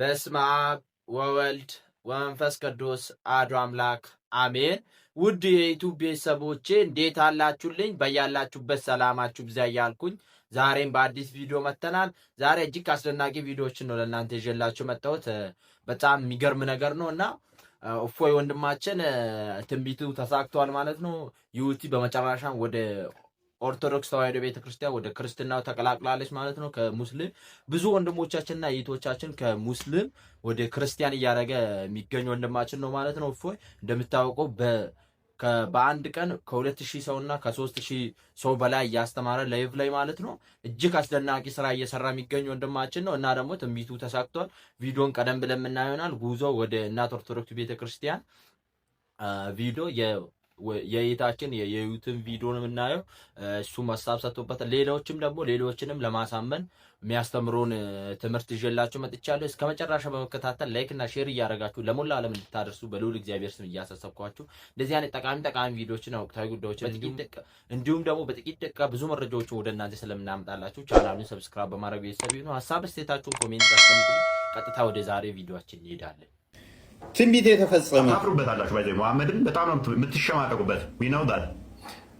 በስመ አብ ወወልድ ወመንፈስ ቅዱስ አሐዱ አምላክ አሜን። ውድ የዩቱብ ቤተሰቦቼ እንዴት አላችሁልኝ? በያላችሁበት ሰላማችሁ ብዛ እያልኩኝ ዛሬም በአዲስ ቪዲዮ መጥተናል። ዛሬ እጅግ አስደናቂ ቪዲዮዎችን ነው ለእናንተ ይዤላችሁ መጣሁት። በጣም የሚገርም ነገር ነው እና እፎይ ወንድማችን ትንቢቱ ተሳክቷል ማለት ነው። ዩቲ በመጨረሻም ወደ ኦርቶዶክስ ተዋሕዶ ቤተክርስቲያን ወደ ክርስትናው ተቀላቅላለች ማለት ነው። ከሙስሊም ብዙ ወንድሞቻችንና እህቶቻችን ከሙስሊም ወደ ክርስቲያን እያደረገ የሚገኝ ወንድማችን ነው ማለት ነው። እፎይ እንደምታወቀው በአንድ ቀን ከሁለት ሺህ ሰውና ከሶስት ሺህ ሰው በላይ እያስተማረ ለይቭ ላይ ማለት ነው። እጅግ አስደናቂ ስራ እየሰራ የሚገኝ ወንድማችን ነው እና ደግሞ ትንቢቱ ተሳክቷል። ቪዲዮን ቀደም ብለን የምናየው ይሆናል። ጉዞ ወደ እናት ኦርቶዶክስ ቤተክርስቲያን ቪዲዮ የየታችን የዩትን ቪዲዮ ነው የምናየው። እሱ ሀሳብ ሰጥቶበታል። ሌሎችም ደግሞ ሌሎችንም ለማሳመን የሚያስተምሩን ትምህርት ይዤላችሁ መጥቻለሁ። እስከ መጨረሻ በመከታተል ላይክ እና ሼር እያደረጋችሁ ለሞላ ዓለም እንድታደርሱ በልዑል እግዚአብሔር ስም እያሳሰብኳችሁ እንደዚህ አይነት ጠቃሚ ጠቃሚ ቪዲዮዎችን ወቅታዊ ጉዳዮችን እንዲሁም ደግሞ በጥቂት ደቂቃ ብዙ መረጃዎችን ወደ እናንተ ስለምናመጣላችሁ ቻናሉን ሰብስክራይብ በማድረግ ቤተሰብ ሀሳብ ስቴታችሁን ኮሜንት አስቀምጡ። ቀጥታ ወደ ዛሬ ቪዲዮችን እንሄዳለን። ትንቢት የተፈጸመ ታፍሩበታላችሁ። ባይዘ መሐመድን በጣም ነው የምትሸማቀቁበት። ዛት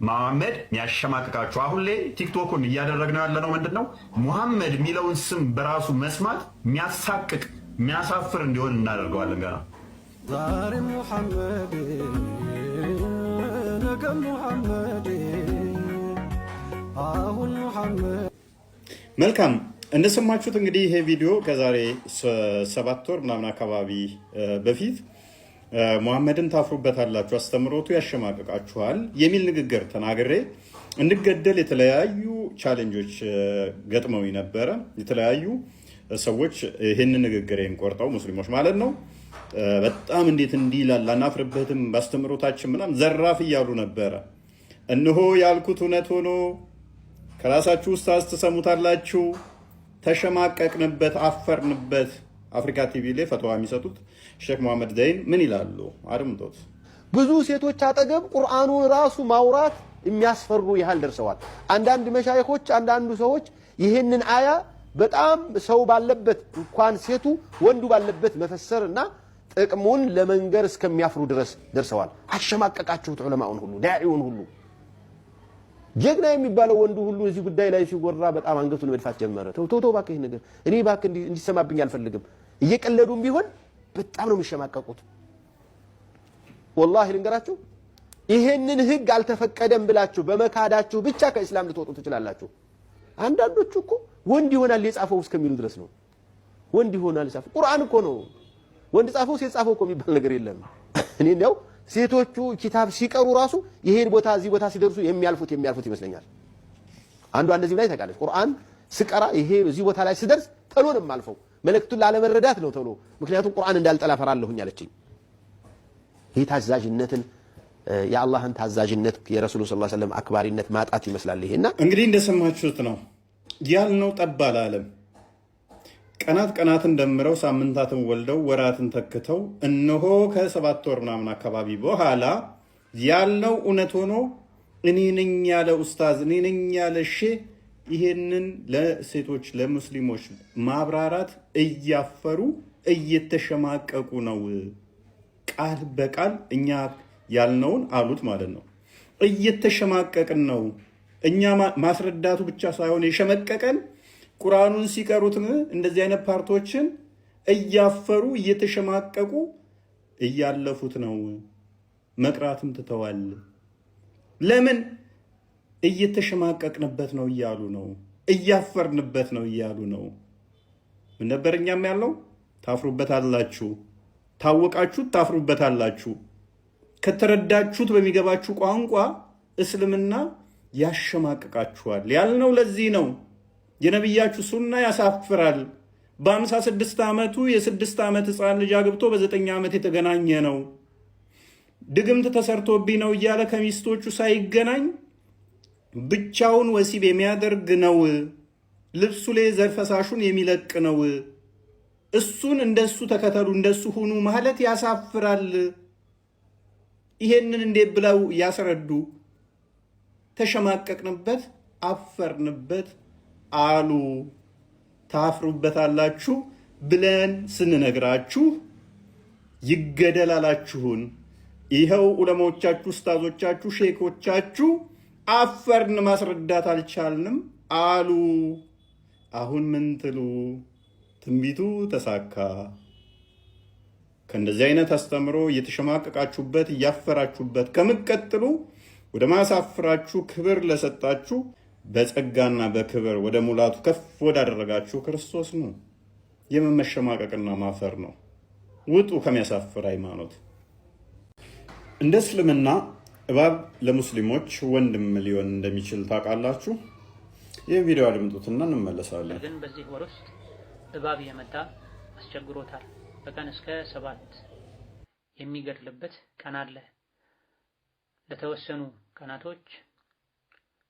መሐመድ የሚያሸማቅቃችሁ አሁን ላይ ቲክቶኩን እያደረግነው ያለ ነው ምንድን ነው ሙሐመድ የሚለውን ስም በራሱ መስማት የሚያሳቅቅ የሚያሳፍር እንዲሆን እናደርገዋለን። ገና መልካም እንደሰማችሁት እንግዲህ ይሄ ቪዲዮ ከዛሬ ሰባት ወር ምናምን አካባቢ በፊት መሐመድን ታፍሩበታላችሁ፣ አስተምሮቱ ያሸማቅቃችኋል የሚል ንግግር ተናግሬ እንድገደል የተለያዩ ቻሌንጆች ገጥመው ነበረ። የተለያዩ ሰዎች ይህን ንግግር የንቆርጠው ሙስሊሞች ማለት ነው በጣም እንዴት እንዲህ ይላል አናፍርበትም፣ በአስተምሮታችን ምናምን ዘራፍ እያሉ ነበረ። እነሆ ያልኩት እውነት ሆኖ ከራሳችሁ ውስጥ ትሰሙታላችሁ። ተሸማቀቅንበት፣ አፈርንበት። አፍሪካ ቲቪ ላይ ፈተዋ የሚሰጡት ሼክ መሐመድ ዘይን ምን ይላሉ? አድምጦት። ብዙ ሴቶች አጠገብ ቁርአኑን ራሱ ማውራት የሚያስፈሩ ያህል ደርሰዋል። አንዳንድ መሻይኮች፣ አንዳንዱ ሰዎች ይህንን አያ በጣም ሰው ባለበት እንኳን ሴቱ ወንዱ ባለበት መፈሰር እና ጥቅሙን ለመንገር እስከሚያፍሩ ድረስ ደርሰዋል። አሸማቀቃችሁት ዑለማውን ሁሉ ዳዒውን ሁሉ ጀግና የሚባለው ወንዱ ሁሉ እዚህ ጉዳይ ላይ ሲወራ በጣም አንገቱን መድፋት ጀመረ። ተው ተው እባክህ ይህ ነገር እኔ እባክህ እንዲሰማብኝ አልፈልግም። እየቀለዱም ቢሆን በጣም ነው የሚሸማቀቁት። ወላሂ ልንገራችሁ፣ ይሄንን ህግ አልተፈቀደም ብላችሁ በመካዳችሁ ብቻ ከእስላም ልትወጡ ትችላላችሁ። አንዳንዶቹ እኮ ወንድ ይሆናል የጻፈው እስከሚሉ ድረስ ነው። ወንድ ይሆናል ቁርአን እኮ ነው። ወንድ ጻፈው ሴት ጻፈው እኮ የሚባል ነገር የለም። እኔ እንዲያው ሴቶቹ ኪታብ ሲቀሩ ራሱ ይሄን ቦታ እዚህ ቦታ ሲደርሱ የሚያልፉት የሚያልፉት ይመስለኛል። አንዷ እንደዚህ ላይ ታውቃለች። ቁርአን ስቀራ ይሄ እዚህ ቦታ ላይ ስደርስ ተሎ ነው የማልፈው። መልእክቱን ላለመረዳት ነው ተሎ፣ ምክንያቱም ቁርአን እንዳልጠላ ፈራለሁኝ አለችኝ። ይህ ታዛዥነትን የአላህን ታዛዥነት የረሱሉ ስ ሰለም አክባሪነት ማጣት ይመስላል። ይሄና እንግዲህ እንደሰማችሁት ነው ያልነው ጠባል አለም ቀናት ቀናትን ደምረው ሳምንታትን ወልደው ወራትን ተክተው እነሆ ከሰባት ወር ምናምን አካባቢ በኋላ ያለው እውነት ሆኖ እኔ ነኝ ያለ ኡስታዝ እኔ ነኝ ያለ ሼህ ይሄንን ለሴቶች ለሙስሊሞች ማብራራት እያፈሩ እየተሸማቀቁ ነው። ቃል በቃል እኛ ያልነውን አሉት ማለት ነው። እየተሸማቀቅን ነው እኛ ማስረዳቱ ብቻ ሳይሆን የሸመቀቀን ቁርአኑን ሲቀሩትም እንደዚህ አይነት ፓርቶችን እያፈሩ እየተሸማቀቁ እያለፉት ነው። መቅራትም ትተዋል። ለምን እየተሸማቀቅንበት ነው እያሉ ነው። እያፈርንበት ነው እያሉ ነው። ምን ነበር እኛም ያለው? ታፍሩበታላችሁ፣ ታወቃችሁት ታፍሩበታላችሁ። ከተረዳችሁት በሚገባችሁ ቋንቋ እስልምና ያሸማቅቃችኋል ያልነው ለዚህ ነው። የነቢያችሁ ሱና ያሳፍራል። በአምሳ ስድስት ዓመቱ የስድስት ዓመት ህፃን ልጅ አግብቶ በዘጠኝ ዓመት የተገናኘ ነው። ድግምት ተሰርቶብኝ ነው እያለ ከሚስቶቹ ሳይገናኝ ብቻውን ወሲብ የሚያደርግ ነው። ልብሱ ላይ ዘር ፈሳሹን የሚለቅ ነው። እሱን እንደሱ ተከተሉ፣ እንደሱ ሁኑ ማለት ያሳፍራል። ይሄንን እንዴት ብለው ያስረዱ? ተሸማቀቅንበት፣ አፈርንበት። አሉ ታፍሩበታላችሁ ብለን ስንነግራችሁ ይገደላላችሁን። ይኸው ዑለሞቻችሁ፣ ስታዞቻችሁ፣ ሼኮቻችሁ አፈርን ማስረዳት አልቻልንም አሉ። አሁን ምን ትሉ? ትንቢቱ ተሳካ። ከእንደዚህ አይነት አስተምሮ እየተሸማቀቃችሁበት እያፈራችሁበት ከምቀጥሉ ወደ ማሳፍራችሁ ክብር ለሰጣችሁ በጸጋና በክብር ወደ ሙላቱ ከፍ ወዳደረጋችሁ ክርስቶስ ነው። የመመሸማቀቅና ማፈር ነው። ውጡ ከሚያሳፍር ሃይማኖት። እንደ እስልምና እባብ ለሙስሊሞች ወንድም ሊሆን እንደሚችል ታውቃላችሁ? ይህ ቪዲዮ አድምጡትና እንመለሳለን። ግን በዚህ ወር ውስጥ እባብ የመጣ አስቸግሮታል። በቀን እስከ ሰባት የሚገድልበት ቀን አለ። ለተወሰኑ ቀናቶች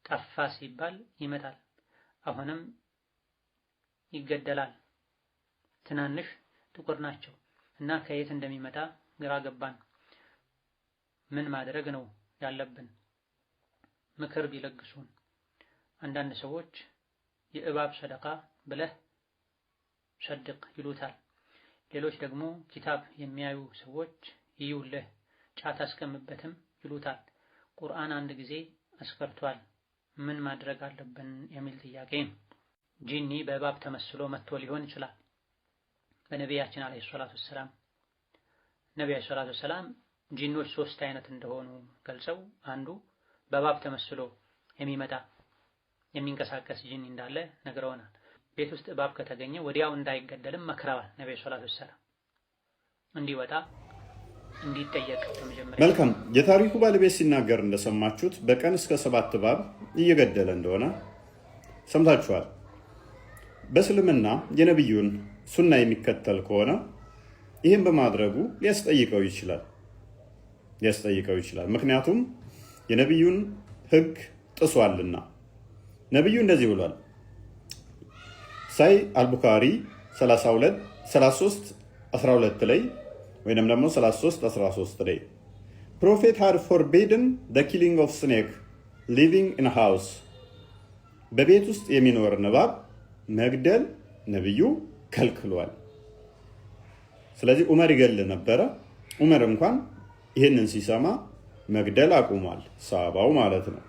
ጠፋ ሲባል ይመጣል። አሁንም ይገደላል። ትናንሽ ጥቁር ናቸው እና ከየት እንደሚመጣ ግራ ገባን። ምን ማድረግ ነው ያለብን? ምክር ቢለግሱን። አንዳንድ ሰዎች የእባብ ሰደቃ ብለህ ሰድቅ ይሉታል። ሌሎች ደግሞ ኪታብ የሚያዩ ሰዎች ይዩልህ ጫት አስቀምበትም ይሉታል። ቁርአን አንድ ጊዜ አስፈርቷል ምን ማድረግ አለብን የሚል ጥያቄ ነው። ጂኒ በእባብ ተመስሎ መጥቶ ሊሆን ይችላል። በነቢያችን አለይሂ ሰላቱ ሰላም ነቢያችን ሰላቱ ሰላም ጂኖች ሶስት አይነት እንደሆኑ ገልጸው አንዱ በእባብ ተመስሎ የሚመጣ የሚንቀሳቀስ ጂኒ እንዳለ ነግረውናል። ቤት ውስጥ እባብ ከተገኘ ወዲያው እንዳይገደልም መክረዋል ነቢያችን ሰላቱ ሰላም እንዲወጣ እንዲጠየቅ መልካም። የታሪኩ ባለቤት ሲናገር እንደሰማችሁት በቀን እስከ ሰባት እባብ እየገደለ እንደሆነ ሰምታችኋል። በእስልምና የነቢዩን ሱና የሚከተል ከሆነ ይህም በማድረጉ ሊያስጠይቀው ይችላል ሊያስጠይቀው ይችላል። ምክንያቱም የነቢዩን ህግ ጥሷልና ነቢዩ እንደዚህ ብሏል። ሳይ አልቡካሪ 32 13 12 ላይ ወይንም ደግሞ 3313 ላይ ፕሮፌት ሃድ ፎርቢድን ደ ኪሊንግ ኦፍ ስኔክ ሊቪንግ ኢን ሃውስ በቤት ውስጥ የሚኖር ንባብ መግደል ነብዩ ከልክሏል። ስለዚህ ዑመር ይገል ነበረ። ዑመር እንኳን ይህንን ሲሰማ መግደል አቁሟል። ሳባው ማለት ነው።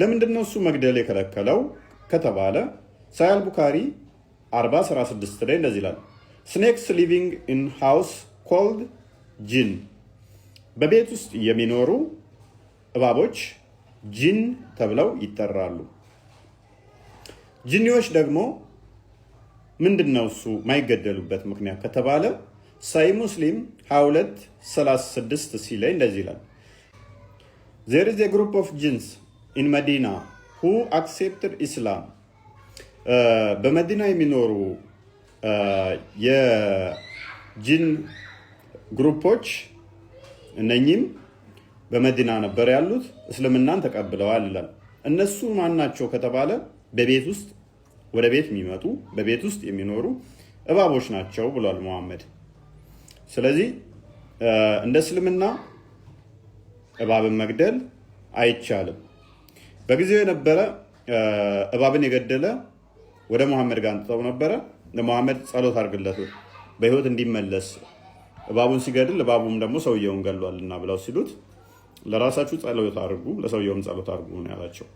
ለምንድን ነው እሱ መግደል የከለከለው ከተባለ ሳያል ቡካሪ 4016 ላይ እንደዚህ ይላል ስኔክስ ሊቪንግ ኢን ሃውስ ኮልድ ጂን፣ በቤት ውስጥ የሚኖሩ እባቦች ጂን ተብለው ይጠራሉ። ጂኒዎች ደግሞ ምንድን ነው እሱ የማይገደሉበት ምክንያት ከተባለ ሳይ ሙስሊም 22 36 ሲ ላይ እንደዚህ ይላል። ዜር ኢዝ ኤ ግሩፕ ኦፍ ጂንስ ኢን መዲና ሁ አክሴፕትድ ኢስላም በመዲና የሚኖሩ የጂን ግሩፖች እነኚህም በመዲና ነበር ያሉት፣ እስልምናን ተቀብለዋል ይላል። እነሱ ማን ናቸው ከተባለ በቤት ውስጥ ወደ ቤት የሚመጡ በቤት ውስጥ የሚኖሩ እባቦች ናቸው ብሏል መሐመድ። ስለዚህ እንደ እስልምና እባብን መግደል አይቻልም። በጊዜው የነበረ እባብን የገደለ ወደ መሐመድ ጋር አንጥተው ነበረ። ለመሐመድ ጸሎት አድርግለት በህይወት እንዲመለስ እባቡን ሲገድል እባቡም ደግሞ ሰውየውን ገሏልና ብለው ሲሉት ለራሳችሁ ጸሎት አድርጉ፣ ለሰውየውም ጸሎት አድርጉ ነው ያላቸው።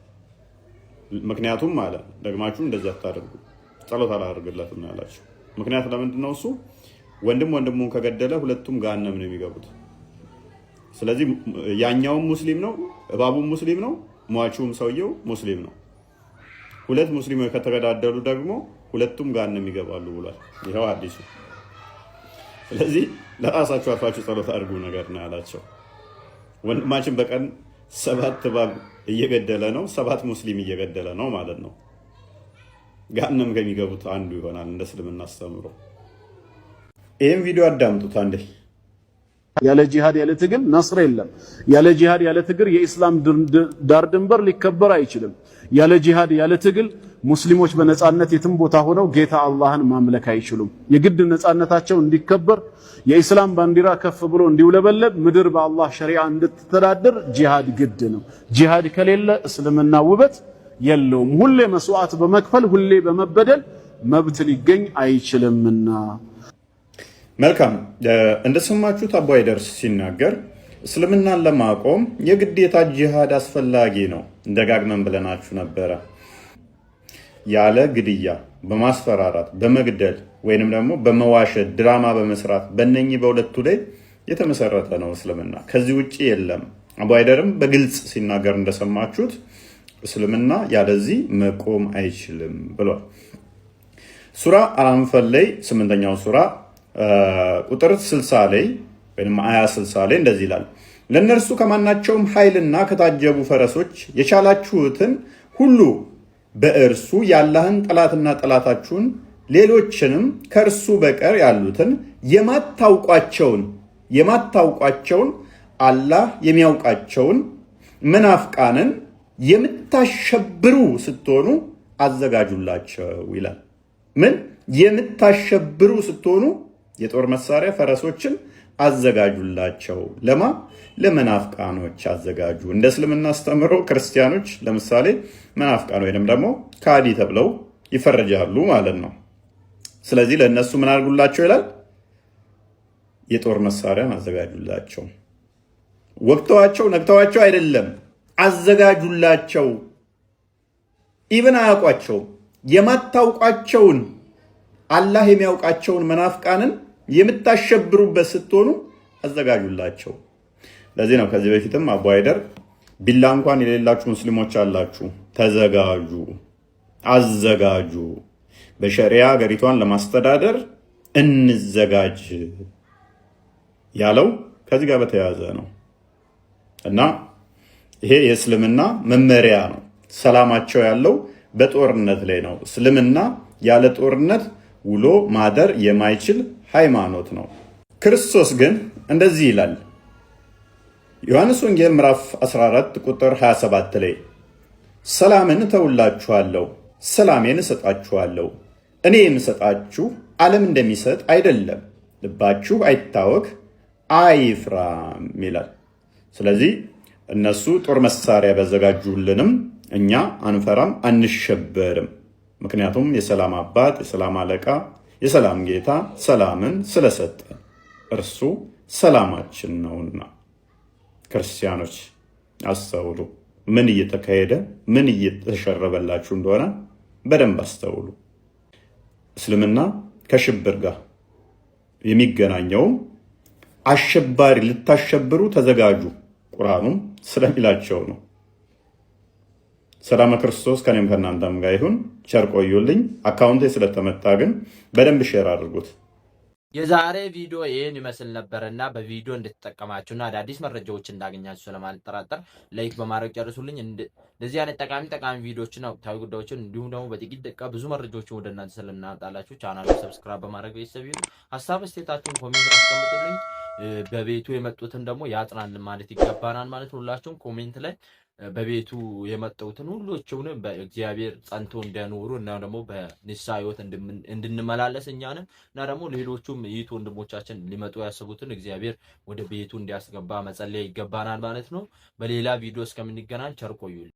ምክንያቱም አለ ደግማችሁ እንደዚህ አታደርጉ፣ ጸሎት አላደርግለትም ነው ያላቸው። ምክንያት ለምንድን ነው? እሱ ወንድም ወንድሙን ከገደለ ሁለቱም ገሃነም ነው የሚገቡት። ስለዚህ ያኛውም ሙስሊም ነው፣ እባቡም ሙስሊም ነው፣ ሟቹም ሰውየው ሙስሊም ነው። ሁለት ሙስሊሞች ከተገዳደሉ ደግሞ ሁለቱም ገሃነም ይገባሉ ብሏል። ይኸው አዲሱ። ስለዚህ ለራሳችሁ አፋችሁ ጸሎት አድርጉ ነገር ነው ያላቸው። ወንድማችን በቀን ሰባት እባብ እየገደለ ነው፣ ሰባት ሙስሊም እየገደለ ነው ማለት ነው። ገሃነም ከሚገቡት አንዱ ይሆናል እንደ እስልምና አስተምሮ። ይህም ቪዲዮ አዳምጡት አንዴ። ያለ ጂሃድ ያለ ትግል ነስር የለም። ያለ ጂሃድ ያለ ትግል የኢስላም ዳር ድንበር ሊከበር አይችልም። ያለ ጂሃድ ያለ ትግል ሙስሊሞች በነጻነት የትም ቦታ ሆነው ጌታ አላህን ማምለክ አይችሉም። የግድ ነጻነታቸው እንዲከበር የኢስላም ባንዲራ ከፍ ብሎ እንዲውለበለብ ምድር በአላህ ሸሪዓ እንድትተዳደር ጂሃድ ግድ ነው። ጂሃድ ከሌለ እስልምና ውበት የለውም። ሁሌ መስዋዕት በመክፈል ሁሌ በመበደል መብት ሊገኝ አይችልምና መልካም እንደሰማችሁት አቡ አይደርስ ሲናገር እስልምናን ለማቆም የግዴታ ጂሃድ አስፈላጊ ነው። ደጋግመን ብለናችሁ ነበረ። ያለ ግድያ፣ በማስፈራራት በመግደል ወይንም ደግሞ በመዋሸት ድራማ በመስራት በነኚህ በሁለቱ ላይ የተመሰረተ ነው እስልምና። ከዚህ ውጭ የለም። አቡ በግልጽ ሲናገር እንደሰማችሁት እስልምና ያለዚህ መቆም አይችልም ብሏል። ሱራ አል ላይ ስምንተኛው ሱራ ቁጥር 60 ላይ ወይም አያ 60 ላይ እንደዚህ ይላል ለእነርሱ ከማናቸውም ኃይልና ከታጀቡ ፈረሶች የቻላችሁትን ሁሉ በእርሱ የአላህን ጠላትና ጠላታችሁን ሌሎችንም ከእርሱ በቀር ያሉትን የማታውቋቸውን የማታውቋቸውን አላህ የሚያውቃቸውን መናፍቃንን የምታሸብሩ ስትሆኑ አዘጋጁላቸው ይላል። ምን የምታሸብሩ ስትሆኑ የጦር መሳሪያ ፈረሶችን አዘጋጁላቸው። ለማ ለመናፍቃኖች አዘጋጁ። እንደ እስልምና አስተምሮ ክርስቲያኖች ለምሳሌ መናፍቃን ወይንም ደግሞ ካዲ ተብለው ይፈረጃሉ ማለት ነው። ስለዚህ ለእነሱ ምን አድርጉላቸው ይላል? የጦር መሳሪያን አዘጋጁላቸው። ወቅተዋቸው ነግተዋቸው አይደለም፣ አዘጋጁላቸው። ኢብን አያውቋቸው የማታውቋቸውን አላህ የሚያውቃቸውን መናፍቃንን የምታሸብሩበት ስትሆኑ አዘጋጁላቸው። ለዚህ ነው ከዚህ በፊትም አቡ ቢላ እንኳን የሌላችሁ ሙስሊሞች አላችሁ፣ ተዘጋጁ፣ አዘጋጁ፣ በሸሪያ ሀገሪቷን ለማስተዳደር እንዘጋጅ ያለው ከዚህ ጋር በተያያዘ ነው እና ይሄ የእስልምና መመሪያ ነው። ሰላማቸው ያለው በጦርነት ላይ ነው። እስልምና ያለ ጦርነት ውሎ ማደር የማይችል ሃይማኖት ነው። ክርስቶስ ግን እንደዚህ ይላል። ዮሐንስ ወንጌል ምዕራፍ 14 ቁጥር 27 ላይ ሰላምን እተውላችኋለሁ፣ ሰላሜን እሰጣችኋለሁ። እኔ የምሰጣችሁ ዓለም እንደሚሰጥ አይደለም፣ ልባችሁ አይታወክ አይፍራም ይላል። ስለዚህ እነሱ ጦር መሳሪያ ቢያዘጋጁልንም እኛ አንፈራም፣ አንሸበርም። ምክንያቱም የሰላም አባት፣ የሰላም አለቃ፣ የሰላም ጌታ ሰላምን ስለሰጠ እርሱ ሰላማችን ነውና። ክርስቲያኖች አስተውሉ። ምን እየተካሄደ ምን እየተሸረበላችሁ እንደሆነ በደንብ አስተውሉ። እስልምና ከሽብር ጋር የሚገናኘውም አሸባሪ ልታሸብሩ ተዘጋጁ ቁርአኑም ስለሚላቸው ነው። ሰላም ክርስቶስ ከኔም ከእናንተም ጋር ይሁን። ቸር ቆዩልኝ። አካውንቴ ስለተመታ ግን በደንብ ሼር አድርጉት። የዛሬ ቪዲዮ ይህን ይመስል ነበርና በቪዲዮ እንደተጠቀማችሁና አዳዲስ መረጃዎች እንዳገኛችሁ ስለማልጠራጠር ላይክ በማድረግ ጨርሱልኝ። እንደዚህ አይነት ጠቃሚ ጠቃሚ ቪዲዮዎችን፣ ወቅታዊ ጉዳዮችን እንዲሁም ደግሞ በጥቂት ደቂቃ ብዙ መረጃዎችን ወደ እናንተ ስለምናመጣላችሁ ቻናሉ ሰብስክራይብ በማድረግ ቤተሰብ ይሁን። ሀሳብ ስቴታችሁን ኮሜንት አስቀምጡልኝ። በቤቱ የመጡትን ደግሞ ያጽናልን ማለት ይገባናል ማለት ሁላችሁም ኮሜንት ላይ በቤቱ የመጡትን ሁሎችውንም በእግዚአብሔር ጸንቶ እንዲያኖሩ እና ደግሞ በንስሐ ህይወት እንድንመላለስ እኛንም እና ደግሞ ሌሎቹም ይቱ ወንድሞቻችን ሊመጡ ያስቡትን እግዚአብሔር ወደ ቤቱ እንዲያስገባ መጸለይ ይገባናል ማለት ነው። በሌላ ቪዲዮ እስከምንገናኝ ቸር ቆዩልን።